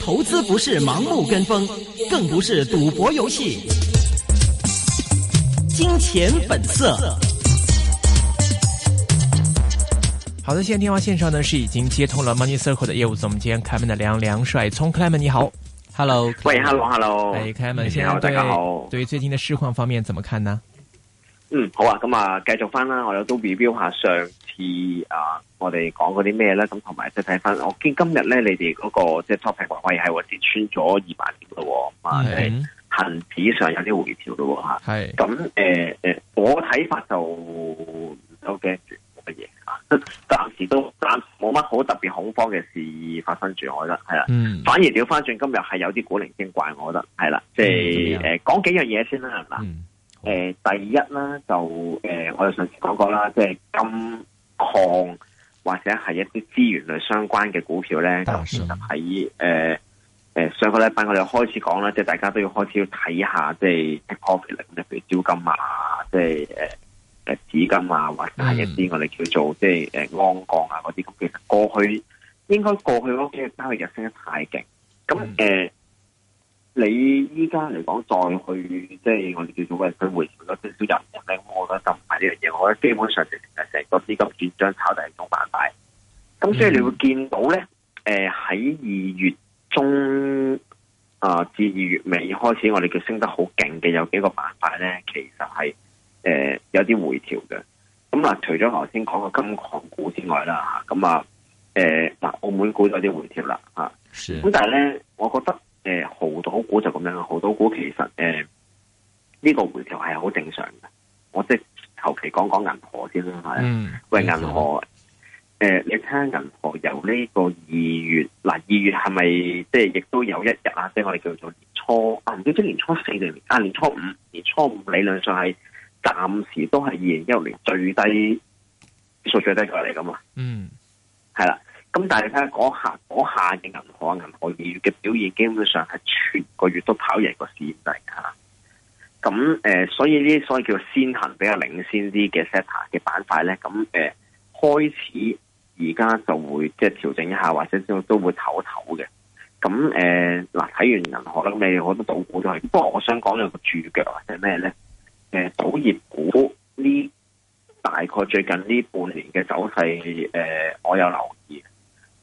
投資不是盲目跟風，更不是賭博遊戲。金錢本色。好的，現在電話線上呢是已經接通了 Money Circle 的業務總監 Clement 的梁梁帥聰，Clement 你好，Hello，喂，Hello，Hello，哎，Clement，你好，大家好。對於最近的市況方面怎麼看呢？嗯，好啊，咁啊，繼續翻啦，我哋都 review 下上。似啊，我哋講嗰啲咩咧？咁同埋即係睇翻，我見今日咧，你哋嗰個即係 topic 話，喂、哎、係、啊、跌穿咗二萬點咯，咁行恆指上有啲回調咯嚇。係咁誒誒，我睇法就 OK，驚住乜嘢嚇，暫時都暫冇乜好特別恐慌嘅事發生住，我覺得係啦。啊 mm hmm. 反而調翻轉今日係有啲古靈精怪，我覺得係啦。即係誒講幾樣嘢先啦，係嘛、mm hmm. 呃？第一啦，就誒、呃、我哋上次講過啦，即、就、係、是、今礦，或者係一啲資源類相關嘅股票咧，咁其實喺誒誒上個禮拜我哋開始講啦，即係大家都要開始要睇下，即係 property 咧，譬如招金啊，即係誒誒紫金啊，或者係一啲我哋叫做即係誒安鋼啊嗰啲。咁其實過去應該過去嗰幾日交易日升得太勁，咁誒、嗯呃、你依家嚟講再去，即係我哋叫做為佢、哎、回調咯，即係少人，嘅咧。咁我覺得就唔係呢樣嘢，我覺得基本上個資金轉帳炒第二種板塊，咁所以你會見到咧，誒喺二月中啊、呃、至二月尾開始，我哋叫升得好勁嘅，有幾個板塊咧，其實係誒、呃、有啲回調嘅。咁啊，除咗頭先講嘅金礦股之外啦，吓咁啊，誒、呃、嗱，澳門股有啲回調啦，吓、啊。咁的但係咧，我覺得誒，濠、呃、賭股就咁樣，濠賭股其實誒呢、呃這個回調係好正常嘅，我即。求其講講銀河先啦，係、嗯。喂，銀河，誒、嗯呃，你睇下銀河由呢個二月，嗱，二月係咪即係亦都有一日啊？即係我哋叫做年初，唔知即係年初四定年，啊、年初五？年初五，年初五理論上係暫時都係二零一六年最低數最低價嚟噶嘛？嗯，係啦。咁但係你睇下嗰下嗰下嘅銀河，銀河二月嘅表現基本上係全個月都跑贏個市底嚇。咁誒、呃，所以呢啲，所以叫做先行比較領先啲嘅 setter 嘅板塊咧，咁誒、呃、開始而家就會即係調整一下，或者都會的、呃、都會唞一唞嘅。咁誒嗱，睇完銀河啦，咁你好多賭股都係。不過我想講一個注腳或者咩咧？誒、呃，賭業股呢？大概最近呢半年嘅走勢，誒、呃，我有留意，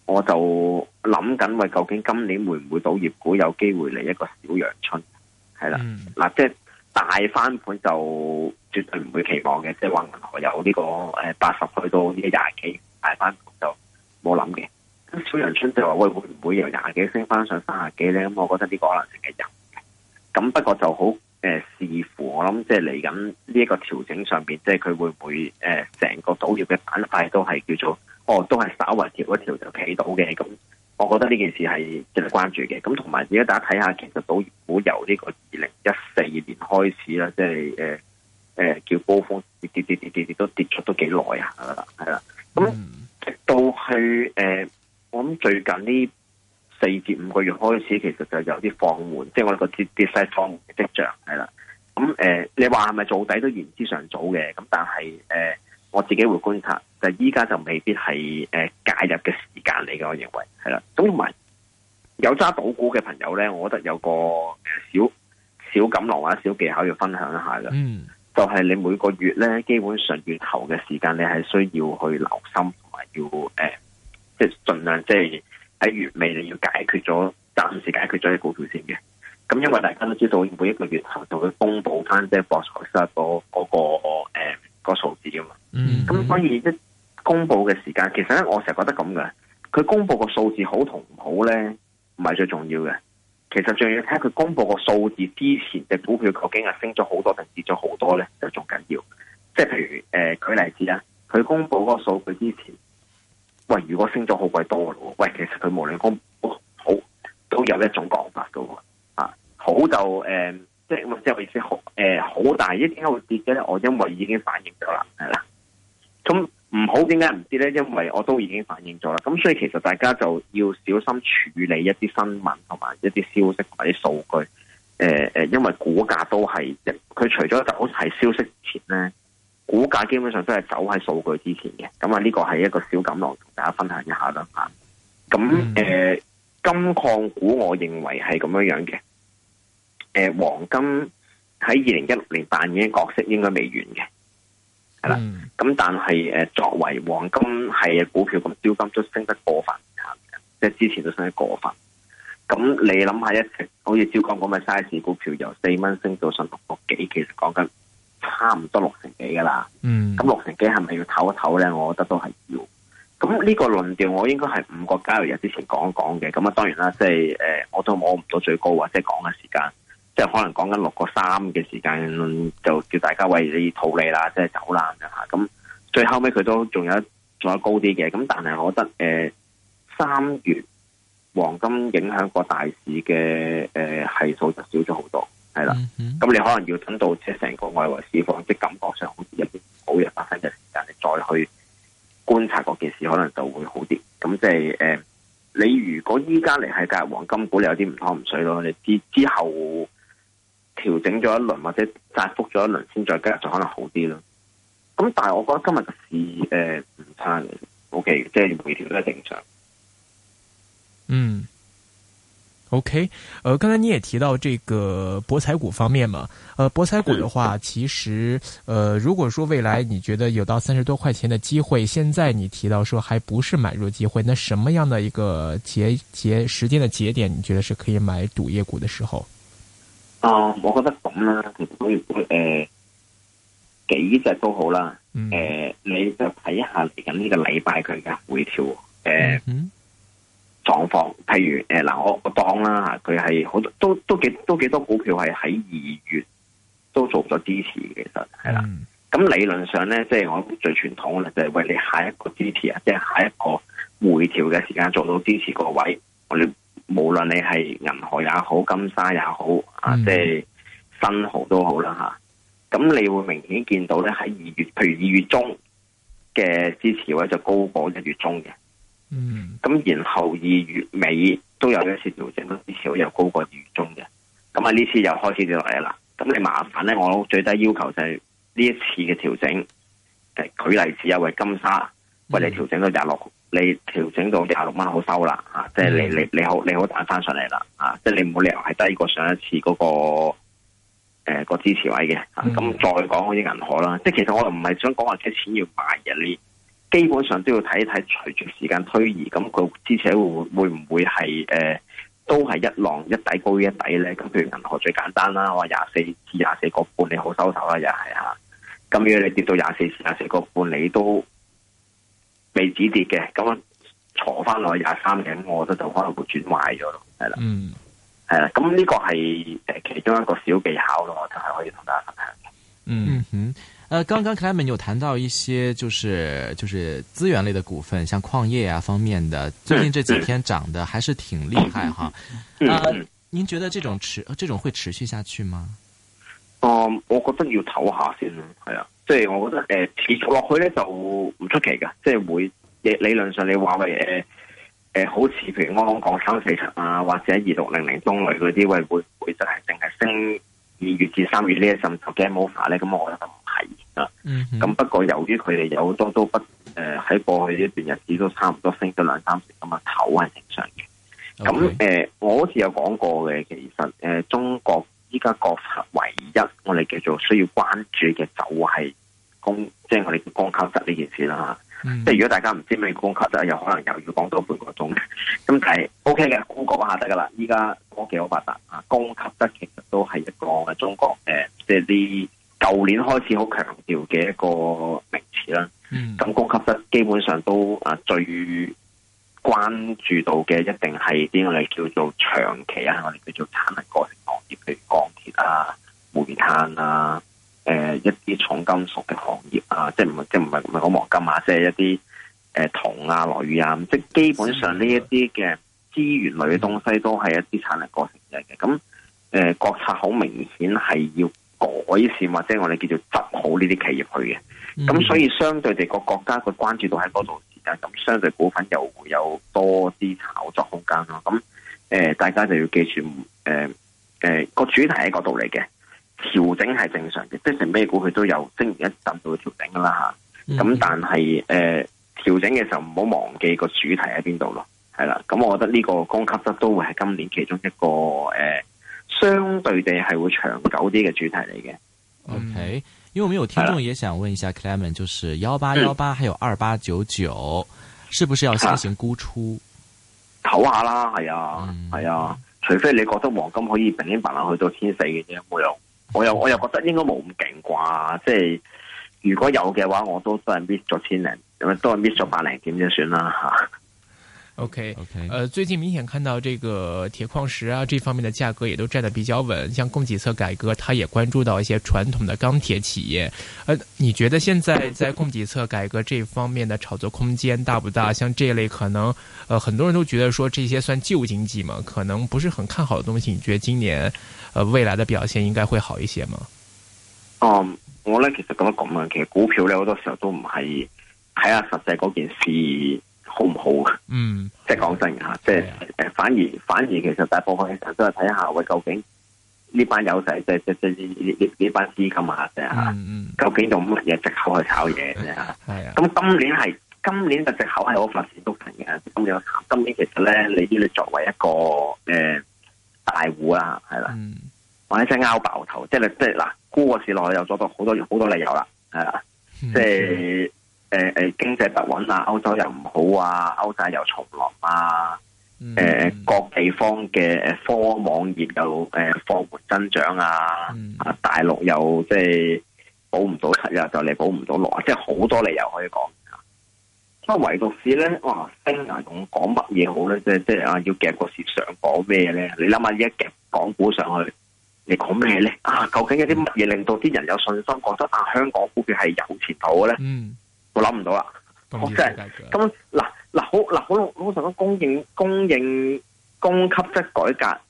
我就諗緊喂，究竟今年會唔會賭業股有機會嚟一個小陽春？係啦、嗯，嗱、呃，即係。大翻盤就絕對唔會期望嘅，即係話銀河有呢個誒八十去到呢廿幾大翻盤就冇諗嘅。咁小陽春就話會會唔會由廿幾升翻上三十幾咧？咁我覺得呢個可能性係有嘅。咁不過就好誒、呃，視乎我諗即係嚟緊呢一個調整上邊，即係佢會唔會誒成、呃、個賭業嘅板塊都係叫做哦都係稍為調一調就企到嘅咁。我覺得呢件事係值得關注嘅，咁同埋而家大家睇下，其實港股由呢個二零一四年開始啦，即係誒誒叫高峰，跌跌跌跌跌都跌出都幾耐下啊，係啦，咁、嗯、直到去誒、呃，我諗最近呢四至五個月開始，其實就有啲放緩，即、就、係、是、我哋個跌跌勢放緩嘅跡象，係啦。咁、嗯、誒、呃，你話係咪做底都言之尚早嘅？咁但係誒、呃，我自己會觀察，就係依家就未必係誒、呃、介入嘅。合理嘅，我認為係啦。咁同埋有揸賭股嘅朋友咧，我覺得有個小小錦囊或者小技巧要分享一下嘅。嗯，mm. 就係你每個月咧，基本上月頭嘅時間，你係需要去留心，同埋要誒、呃，即係盡量即係喺月尾你要解決咗，暫時解決咗啲股票先嘅。咁因為大家都知道，每一個月頭就會公布翻，即係博彩室嗰嗰個誒、呃那個數字噶嘛。嗯、mm。咁所以一公布嘅時間，其實咧，我成日覺得咁嘅。佢公布個數字好同唔好咧，唔係最重要嘅。其實仲要睇佢公布個數字之前嘅股票究竟係升咗好多定跌咗好多咧，就仲緊要。即係譬如誒、呃，舉例子啦，佢公布嗰個數據之前，喂，如果升咗好鬼多喇喎，喂，其實佢無論公布好都有一種講法噶喎，啊，好就誒，即係即係我意思好，誒、呃，好大，一啲點解會跌嘅咧？我因為已經反應咗啦，係啦，咁。唔好點解唔知咧？因為我都已經反映咗啦，咁所以其實大家就要小心處理一啲新聞同埋一啲消息或者數據，誒、呃、誒，因為股價都係，佢除咗走係消息前咧，股價基本上都係走喺數據之前嘅。咁啊，呢個係一個小錦囊，同大家分享一下啦吓。咁誒、呃，金礦股我認為係咁樣樣嘅，誒、呃，黃金喺二零一六年扮演嘅角色應該未完嘅。係啦，咁、嗯、但係誒，作為黃金係嘅股票咁，招金都升得過分吓，即係之前都升得過分。咁你諗下，一成好似招金咁嘅 size 股票，由四蚊升到上六個幾，其實講緊差唔多六成多、嗯、六成幾噶啦。嗯，咁六成幾係咪要唞一唞咧？我覺得都係要。咁呢個論調，我應該係五個交易日之前講一講嘅。咁啊，當然啦，即係誒，我都摸唔到最高或者係講嘅時間。即係可能講緊六個三嘅時間，就叫大家為你套利啦，即係走啦咁。最後尾，佢都仲有仲有高啲嘅，咁但係我覺得誒、呃，三月黃金影響個大市嘅誒係數就少咗好多，係啦。咁、mm hmm. 你可能要等到即係成個外圍市況，即係感覺上好似有啲好嘅發生嘅時間，你再去觀察嗰件事，可能就會好啲。咁即係誒，你如果依家嚟係介入黃金股，你有啲唔湯唔水咯。你之之後。調整咗一輪或者窄幅咗一輪，先再加就可能好啲咯。咁但係我覺得今日嘅市誒唔、呃、差嘅，O K，即係回調都正常。嗯，O、OK、K，呃，剛才你也提到這個博彩股方面嘛，呃，博彩股的話，其實，呃，如果說未來你覺得有到三十多塊錢嘅機會，現在你提到說還不是買入機會，那什麼樣的一個節節時間的節點，你覺得是可以買賭業股的時候？哦，oh, 我覺得咁啦，其實可以。誒、呃、幾隻都好啦，誒、mm hmm. 呃，你就睇一下嚟緊呢個禮拜佢嘅回調誒狀況，譬如誒嗱、呃，我我當啦吓，佢係好多都都幾都幾多股票係喺二月都做咗支持其實係啦。咁、mm hmm. 理論上咧，即、就、係、是、我最傳統啦、就是，就係為你下一個支持啊，即係下一個回調嘅時間做到支持個位，我哋。無論你係銀河也好、金沙也好，啊，即係新豪都好啦吓，咁、hmm. 你會明顯見到咧喺二月，譬如二月中嘅支持位就高過一月中嘅，嗯、mm，咁、hmm. 然後二月尾都有一次調整，個支持位又高過二月中嘅，咁啊呢次又開始落嚟啦，咁你麻煩咧，我最低要求就係呢一次嘅調整，誒，舉例子啊，為金沙，為你調整到廿六。Mm hmm. 你調整到廿六蚊好收啦，啊，即係你你你好你好彈翻上嚟啦，啊，即係你冇理由係低過上一次嗰個誒個支持位嘅，啊，嗯，咁再講嗰啲銀河啦，即其實我又唔係想講話啲錢要賣嘅，你基本上都要睇一睇，隨住時間推移，咁佢支持會會唔會係誒都係一浪一底高一底咧？咁譬如銀河最簡單啦，我廿四至廿四個半你好收手啦，又係嚇。咁如果你跌到廿四至廿四個半，你都。未止跌嘅，咁坐翻落去廿三影，我覺得就可能會轉壞咗咯，係啦，係啦、嗯，咁呢、啊這個係誒其中一個小技巧咯，就係、是、可以同大家分享。嗯哼，誒、呃，剛剛 Clement 有談到一些，就是就是資源類的股份，像礦業啊方面的，最近這幾天漲得還是挺厲害、嗯、哈。嗯、啊，嗯、您覺得這種持，這種會持續下去嗎？哦、嗯，我覺得要唞下先，係啊。即係我覺得誒、呃、持續落去咧就唔出奇嘅，即、就、係、是、會理理論上你話嘅誒誒好似譬如啱啱講三四層啊，或者二六零零中鋁嗰啲，會會真係淨係升二月至三月呢一陣做 game over 咧？咁我覺得唔係啊。咁、mm hmm. 不過由於佢哋有好多都不誒喺、呃、過去呢段日子都差唔多升咗兩三成啊嘛，頭係正常嘅。咁誒 Okay.、呃，我好似有講過嘅，其實誒、呃、中國。依家國產唯一我哋叫做需要關注嘅就係供，即係我哋叫「供給側呢件事啦嚇。嗯、即係如果大家唔知咩供給側，又可能又要講多半個鐘，咁 但係 OK 嘅 Google 下得噶啦。依家科技好發達啊，供給側其實都係一個中國誒，即係啲舊年開始好強調嘅一個名詞啦。咁供給側基本上都啊最關注到嘅一定係啲我哋叫做長期啊，我哋叫做產能過程。譬如鋼鐵啊、煤炭啊、誒、呃、一啲重金屬嘅行業啊，即係唔即係唔係唔係講黃金啊，即係一啲誒銅啊、鋁啊，即係基本上呢一啲嘅資源類嘅東西都係一啲產能過剩嚟嘅。咁誒、呃，國策好明顯係要改善，或者我哋叫做執好呢啲企業去嘅。咁、嗯、所以相對地，個國家個關注到喺嗰度，時間咁相對股份又會有多啲炒作空間咯。咁誒、呃，大家就要記住誒。呃誒，個、呃、主題喺個度嚟嘅，調整係正常嘅，即係成咩股佢都有升一陣到會調整噶啦吓。咁、嗯、但係誒、呃，調整嘅時候唔好忘記個主題喺邊度咯。係啦，咁、嗯、我覺得呢個供給側都會係今年其中一個誒、呃，相對地係會長久啲嘅主題嚟嘅。嗯、OK，因為我有聽眾也想問一下 Clement 就是幺八幺八，還有二八九九，是不是要先行沽出？唞下啦，係啊，係啊。除非你覺得黃金可以平平白白去到千四嘅啫，我又我又我又覺得應該冇咁勁啩，即係如果有嘅話，我都都係 miss 咗千零，咁都係 miss 咗百零點就算啦吓。 OK，OK，Okay, Okay. 呃，最近明顯看到這個鐵礦石啊這方面的價格也都站得比較穩。像供給側改革，他也關注到一些傳統的鋼鐵企業。呃，你覺得現在在供給側改革這方面的炒作空間大不大？像這類可能，呃，很多人都覺得說這些算舊經濟嘛，可能不是很看好的東西。你覺得今年，呃，未來的表現應該會好一些嗎？嗯，我呢，其實咁樣講其實股票呢，好多時候都唔係睇下實際嗰件事。好唔好、嗯、是啊？嗯，即係講真即係誒，反而反而其實大部分嘅時都係睇下喂，究竟呢班友仔，即即即呢班資金啊，啫吓，嗯嗯、究竟用乜嘢借口去炒嘢啫係啊，咁是、啊、今年係今年嘅借口係好發展不停嘅。咁又今年其實咧，你你作為一個誒、呃、大戶啦，係啦、啊，嗯、或者即係拗爆頭，即係即係嗱，沽個市內有咗好多好多理由啦，係、啊嗯、即係。誒誒，經濟不穩啊，歐洲又唔好啊，歐債又重落啊，誒、mm，hmm. 各地方嘅科網業又誒放緩增長啊，啊、mm，hmm. 大陸又即係保唔到七日就嚟保唔到六啊，即係好多理由可以講。咁啊，唯獨是咧，哇，升啊，講乜嘢好咧？即係即係啊，要夾個市想講咩咧？你諗下，一夾港股上去，你講咩咧？啊，究竟有啲乜嘢令到啲人有信心，覺得啊，但香港股票係有前途嘅咧？嗯、mm。Hmm. 我諗唔到啦，咁嗱嗱好嗱好，好，好老實講，供應供應供給側改革，誒、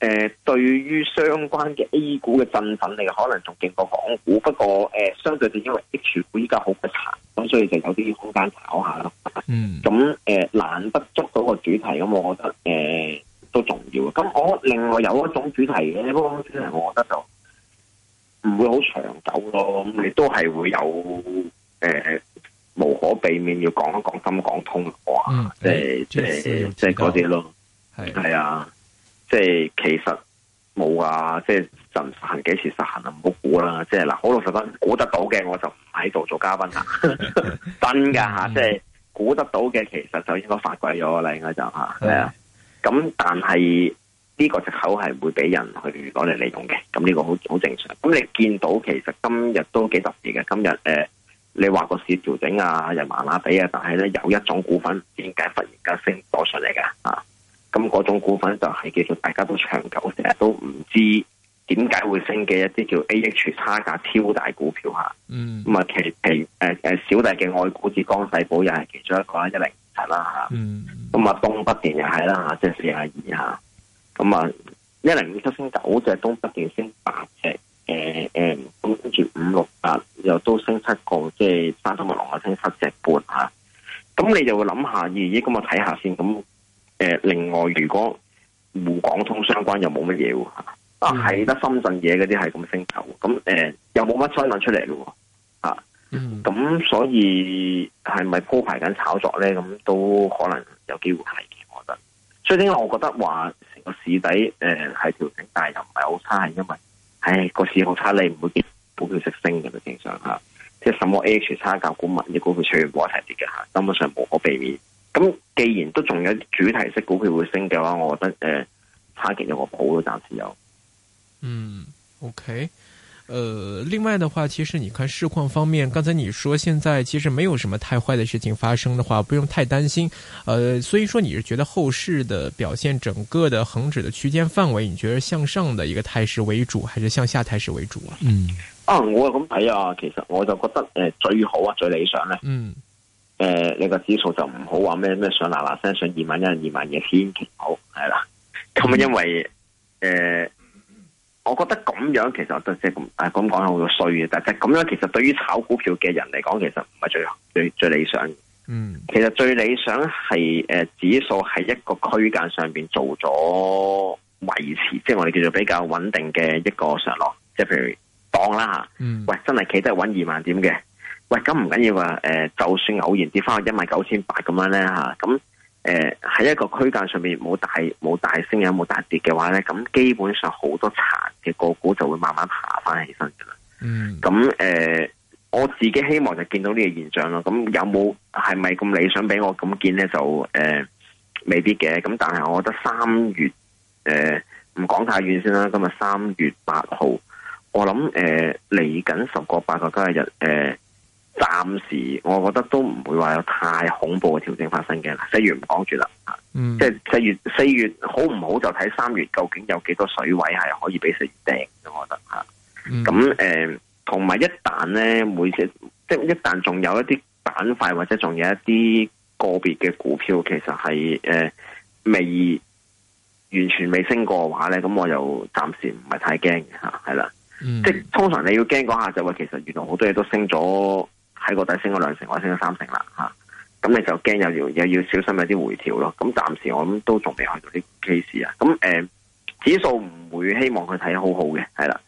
呃，對於相關嘅 A 股嘅振奮，你可能仲勁過港股。不過誒、呃，相對就因為 H 股依家好嘅殘，咁所以就有啲空間炒下咯。咁誒、嗯呃，難得捉到個主題，咁我覺得誒、呃、都重要。咁我另外有一種主題嘅，不過呢啲係我覺得就唔會好長久咯。咁你都係會有。誒、欸，無可避免要講一講心講通啊，即係即係即係嗰啲咯，係啊，即係其實冇啊，即係實唔實行幾時實行啊？唔好估啦，即係嗱，好老實講，估得到嘅我就唔喺度做嘉賓啦，真㗎吓，即係估得到嘅，其實就應該發鬼咗啦，應該就吓，係啊。咁的的、嗯、但係呢個藉口係會俾人去攞嚟利用嘅，咁呢個好好正常。咁你見到其實今日都幾特別嘅，今日誒。呃你話個市調整啊，又麻麻地啊，但係咧有一種股份點解忽然間升多出嚟嘅啊？咁嗰種股份就係叫做大家都長久成日都唔知點解會升嘅一啲叫 A H 差價超大股票嚇、啊。嗯、mm.，咁啊其其誒誒小弟嘅愛股浙江世寶又係其中一個啦、啊，一零五七啦嚇。嗯、啊，咁啊、mm. 東北電又係啦嚇，即係四廿二嚇。咁啊一零五七升九隻，東北電升八隻。誒誒，跟住、嗯嗯、五六啊，又都升七個，即係山東嘅龍啊升七隻半吓。咁、啊、你就會諗下，咦咦，咁我睇下先。咁誒，另外如果滬港通相關又冇乜嘢喎吓，啊係得深圳嘢嗰啲係咁升頭，咁誒又冇乜災難出嚟咯，啊，咁所以係咪鋪排緊炒作咧？咁都可能有機會係嘅，我覺得。所以點解我覺得話成個市底誒係調整，但係又唔係好差，係因為。唉，哎，那個市好差，你唔會見會股，股票息升嘅啦，正常吓。即係什麼 A H 差價股、民嘅股票，全部係跌嘅吓，根本上無可避免。咁既然都仲有主題式股票會升嘅話，我覺得誒、呃，差勁有個譜咯暫時有。嗯，OK。呃，另外的話，其實你看市況方面，剛才你說現在其實沒有什麼太壞的事情發生的話，不用太擔心。呃，所以說，你是覺得後市的表現，整個的恒指的區間範圍，你覺得向上的一個態勢為主，還是向下態勢為主啊？嗯，啊，我咁睇啊，其實我就覺得，誒、呃，最好啊，最理想咧，誒、嗯呃，你個指數就唔好話咩咩上嗱嗱聲上二萬一、二萬二先好，係啦。咁因為，誒、嗯。呃我覺得咁樣其實就即係咁啊咁講係好衰嘅，但係咁樣其實對於炒股票嘅人嚟講，其實唔係最最最理想的。嗯，其實最理想係誒、呃、指數喺一個區間上邊做咗維持，即係我哋叫做比較穩定嘅一個上落。即係譬如當啦吓，喂真係企得穩二萬點嘅，喂咁唔緊要啊！誒、呃，就算偶然跌翻去一萬九千八咁樣咧吓，咁、啊。啊誒，喺、呃、一個區間上面冇大冇大升有冇大跌嘅話咧，咁基本上好多殘嘅個股就會慢慢爬翻起身噶啦。嗯，咁誒、呃，我自己希望就見到呢個現象咯。咁有冇係咪咁理想俾我咁見咧？就誒、呃，未必嘅。咁但係我覺得三月誒，唔、呃、講太遠先啦。今日三月八號，我諗誒嚟緊十個八個交易日誒。呃暫時我覺得都唔會話有太恐怖嘅調整發生嘅啦，四月唔講住啦，即係四月四月好唔好就睇三月究竟有幾多水位係可以俾四月掟，我覺得吓。咁誒、嗯，同埋、呃、一旦咧，每隻即係一旦仲有一啲板塊或者仲有一啲個別嘅股票，其實係誒未完全未升過嘅話咧，咁我就暫時唔係太驚吓，係啦。即係、嗯、通常你要驚嗰下就話、是，其實原來好多嘢都升咗。睇個底升咗兩成，我升咗三成啦吓，咁、啊，嗯、你就驚有要又要小心有一啲回調咯。咁暫時我都仲未去到啲 case 啊。咁、呃、誒，指數唔會希望佢睇得好好嘅，係啦。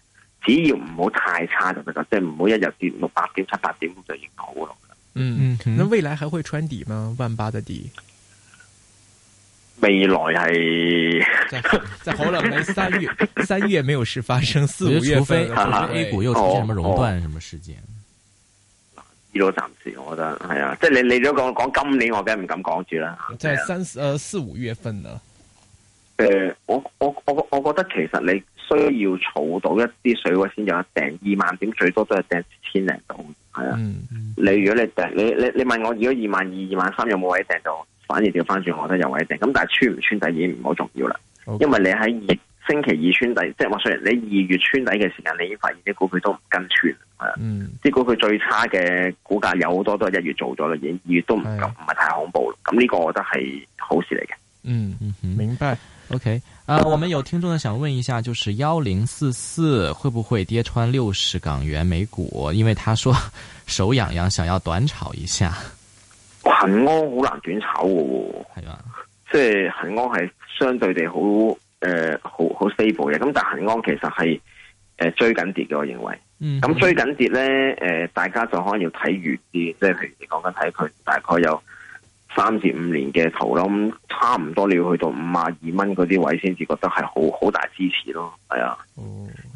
只要唔好太差就得㗎，即係唔好一日跌六八點、七八點就已經好咯。嗯，咁未來還會穿底嗎？萬八的底？未來係就可能三月三月沒有事發生，四,四五月除非 A 股又出現什麼熔斷什麼事件。呢度暫時我覺得係啊，即係你你如果講講今年我，我梗係唔敢講住啦。即係三四誒四五月份呢啊。誒，我我我我覺得其實你需要儲到一啲水位先有得掟，二萬點最多都係掟千零度。係啊，嗯、你如果你掟你你你問我如果二萬二二萬三有冇位掟到，就反而掉翻轉，我覺得有位掟。咁但係穿唔穿底已經唔好重要啦，Okay. 因為你喺二星期二穿底，即係話雖然你二月穿底嘅時間，你已經發現啲股票都唔跟穿，係、嗯，啲股票最差嘅股價有好多都係一月做咗啦，二月都唔唔係太恐怖咯。咁呢個我覺得係好事嚟嘅、嗯。嗯嗯，明白。OK，我啊，我們有聽眾想問一下，就是幺零四四會不會跌穿六十港元每股？因為他說手癢癢，想要短炒一下。恒安好難短炒嘅喎，係啊吧，即係恒安係相對地好。誒、呃，好好 stable 嘅，咁但恒安其實係誒、呃、追緊跌嘅，我認為。嗯。咁追緊跌咧，誒、呃，大家就可能要睇遠啲，即係平時講緊睇佢大概有三至五年嘅圖啦。咁差唔多你要去到五十二蚊嗰啲位先至覺得係好好大支持咯。係啊。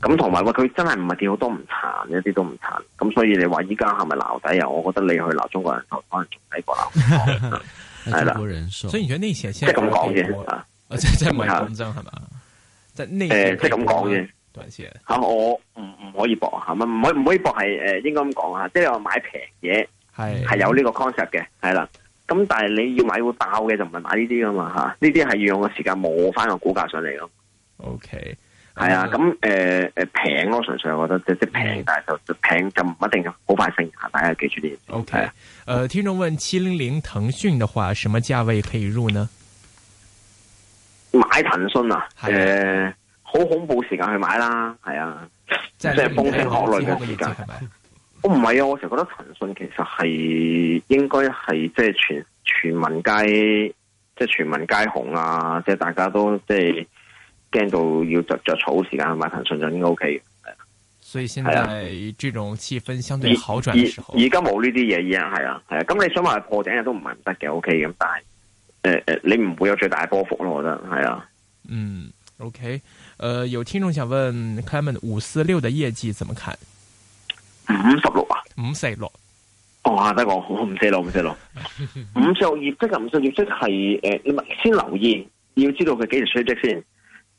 咁同埋喂佢真係唔係跌好多殘，唔殘一啲都唔殘。咁所以你話依家係咪鬧底啊？我覺得你去鬧中國人可能仲抵過鬧。 的中國人壽，所以你覺得呢？即係咁講嘅。即係唔係真係嘛？即係誒，即係咁講嘅，多謝。吓我唔唔可以博吓嘛？唔可唔可以博係誒，應該咁講吓。即係話買平嘢係係有呢個 concept 嘅，係啦。咁但係你要買會爆嘅就唔係買呢啲噶嘛吓。呢啲係要用個時間摸翻個股價上嚟咯。OK，係啊。咁誒誒平咯，純粹我覺得即係平，但係就平就唔一定好快升。大家記住啲。OK，誒，聽眾問七零零騰訊嘅話，什麼價位可以入呢？買騰訊啊，誒、啊，好、呃、恐怖的時間去買啦，係啊，即係風聲鶴唳嘅時間。我唔係啊，我成日覺得騰訊其實係應該係即係全全民皆即係全民皆紅啊，即係大家都即係驚到要着着草時間去買騰訊就應該 O K 嘅。所以現在這種氣氛相對好轉的時候，而家冇呢啲嘢嘢，係啊係啊，咁、啊啊啊啊、你想話破頂都唔係唔得嘅 O K 咁，OK, 但係。誒誒、呃，你唔會有最大嘅波幅咯，我覺得係啊。嗯，OK，誒、呃，有聽眾想問 Clement 五四六嘅業績怎麼看？五十六啊，五四六，哦，啊得講，我，我 五四六五四六，五四六業績啊，五四六業績係誒，你咪先留意，要知道佢幾時出績先。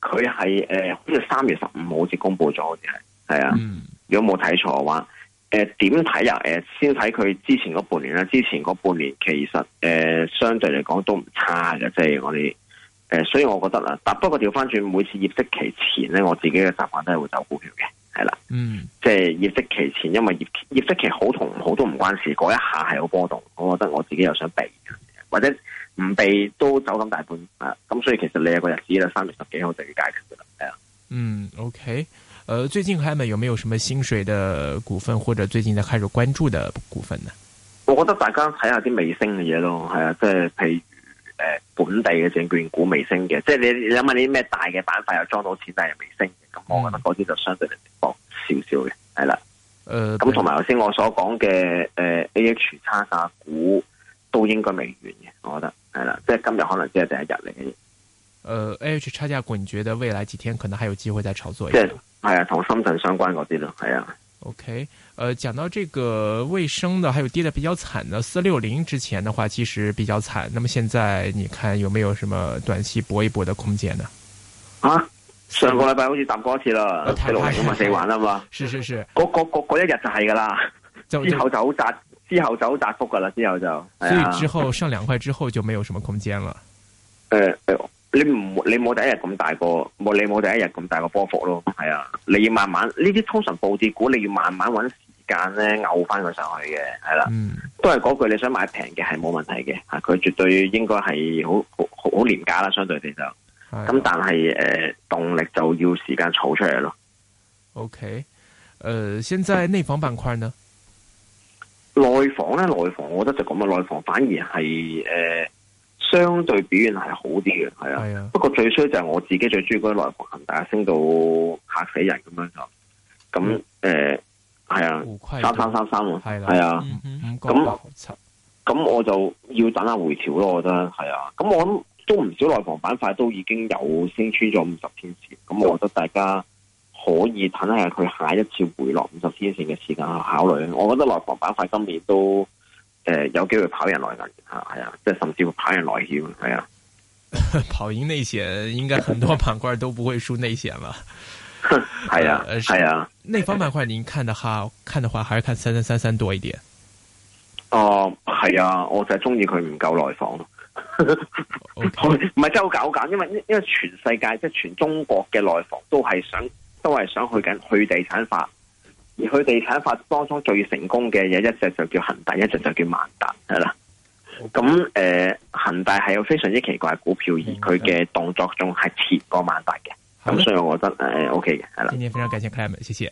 佢係誒，好、呃、似三月十五號先公布咗，好似係，係啊，嗯、如果冇睇錯嘅話。誒，點睇啊？誒、呃，先睇佢之前嗰半年啦。之前嗰半年其實誒、呃，相對嚟講都唔差嘅。即、就、係、是、我哋誒、呃，所以我覺得啦，但不過掉返轉，每次業績期前咧，我自己嘅習慣都係會走股票嘅，係啦。嗯，即係業績期前，因為業業績期好同唔好都唔關事，嗰一下係有波動，我覺得我自己又想避，或者唔避都走咁大半啊。咁所以其實你有個日子咧，三月十幾我就要解決噶啦，係啊。嗯，OK。誒，最近開門有冇有什麼心水嘅股份，或者最近在開始關注嘅股份呢？我覺得大家睇下啲未升嘅嘢咯，係啊，即係譬如誒本地嘅證券股未升嘅，即係你你諗下啲咩大嘅板塊又裝到錢但係未升，咁我覺得嗰啲就相對嚟講少少嘅，係啦。誒，咁同埋頭先我所講嘅誒 A H 差價股都應該未完嘅，我覺得係啦，即係今日可能只係第一日嚟嘅。呃 A H 差價股，你覺得未來幾天可能還有機會再炒作一下？一係係啊，同深圳相關嗰啲咯，係啊。OK，呃講到這個衛生的，還有跌得比較慘的四六零，之前的話其實比較慘。那麼現在，你看有沒有什麼短期搏一搏的空間呢？啊，上個禮拜好似彈過一次啦，四六零啊嘛，四萬嘛。是是是，嗰嗰一日就係噶啦，就之後就好窄，之後就好窄幅噶啦，之後就。後就啊、所以之後上兩塊之後就沒有什麼空間啦。誒、 呃，哎你唔你冇第一日咁大個，冇你冇第一日咁大個波幅咯。係啊，你要慢慢呢啲通常報紙股，你要慢慢揾時間咧，牛翻佢上去嘅。係啦、啊，嗯、都係嗰句，你想買平嘅係冇問題嘅。吓，佢絕對應該係好好好廉價啦，相對地就咁，啊、但係誒、呃、動力就要時間儲出嚟咯。OK，誒、呃，現在內房板塊呢？內房咧，內房我覺得就咁啊，內房反而係誒。呃相對表現係好啲嘅，係啊，係啊，不過最衰就係我自己最中意嗰啲內房恒大升到嚇死人咁樣就，咁誒係啊，三三三三啊，係啊、呃，咁咁我就要等下回調咯，我覺得係啊，咁我諗都唔少內房板塊都已經有升穿咗五十天線，咁我覺得大家可以等下佢下一次回落五十天線嘅時間考慮，我覺得內房板塊今年都。誒、呃，有機會跑贏內銀啊！係、哎、啊，即係甚至乎跑贏內險，係、哎、啊。 跑贏內險，應該很多板塊都不會輸內險啦。係、 呃、啊，係啊。內房板塊，您看的哈？看的話， 的話還是看三三三三多一點。哦、呃，係啊，我就係中意佢唔夠內房。唔 係 Okay. 真係好搞緊，因為因為全世界即係全中國嘅內房都係想都係想去緊去地產化。而佢地產發當中最成功嘅嘢，一隻就叫恒大，一隻就叫萬達，係啦。咁誒 Okay.，恒大係有非常之奇怪嘅股票，而佢嘅動作仲係切過萬達嘅。咁 Okay. 所以我覺得誒、呃、，OK 嘅，係啦。今天非常感謝 Clement，謝謝。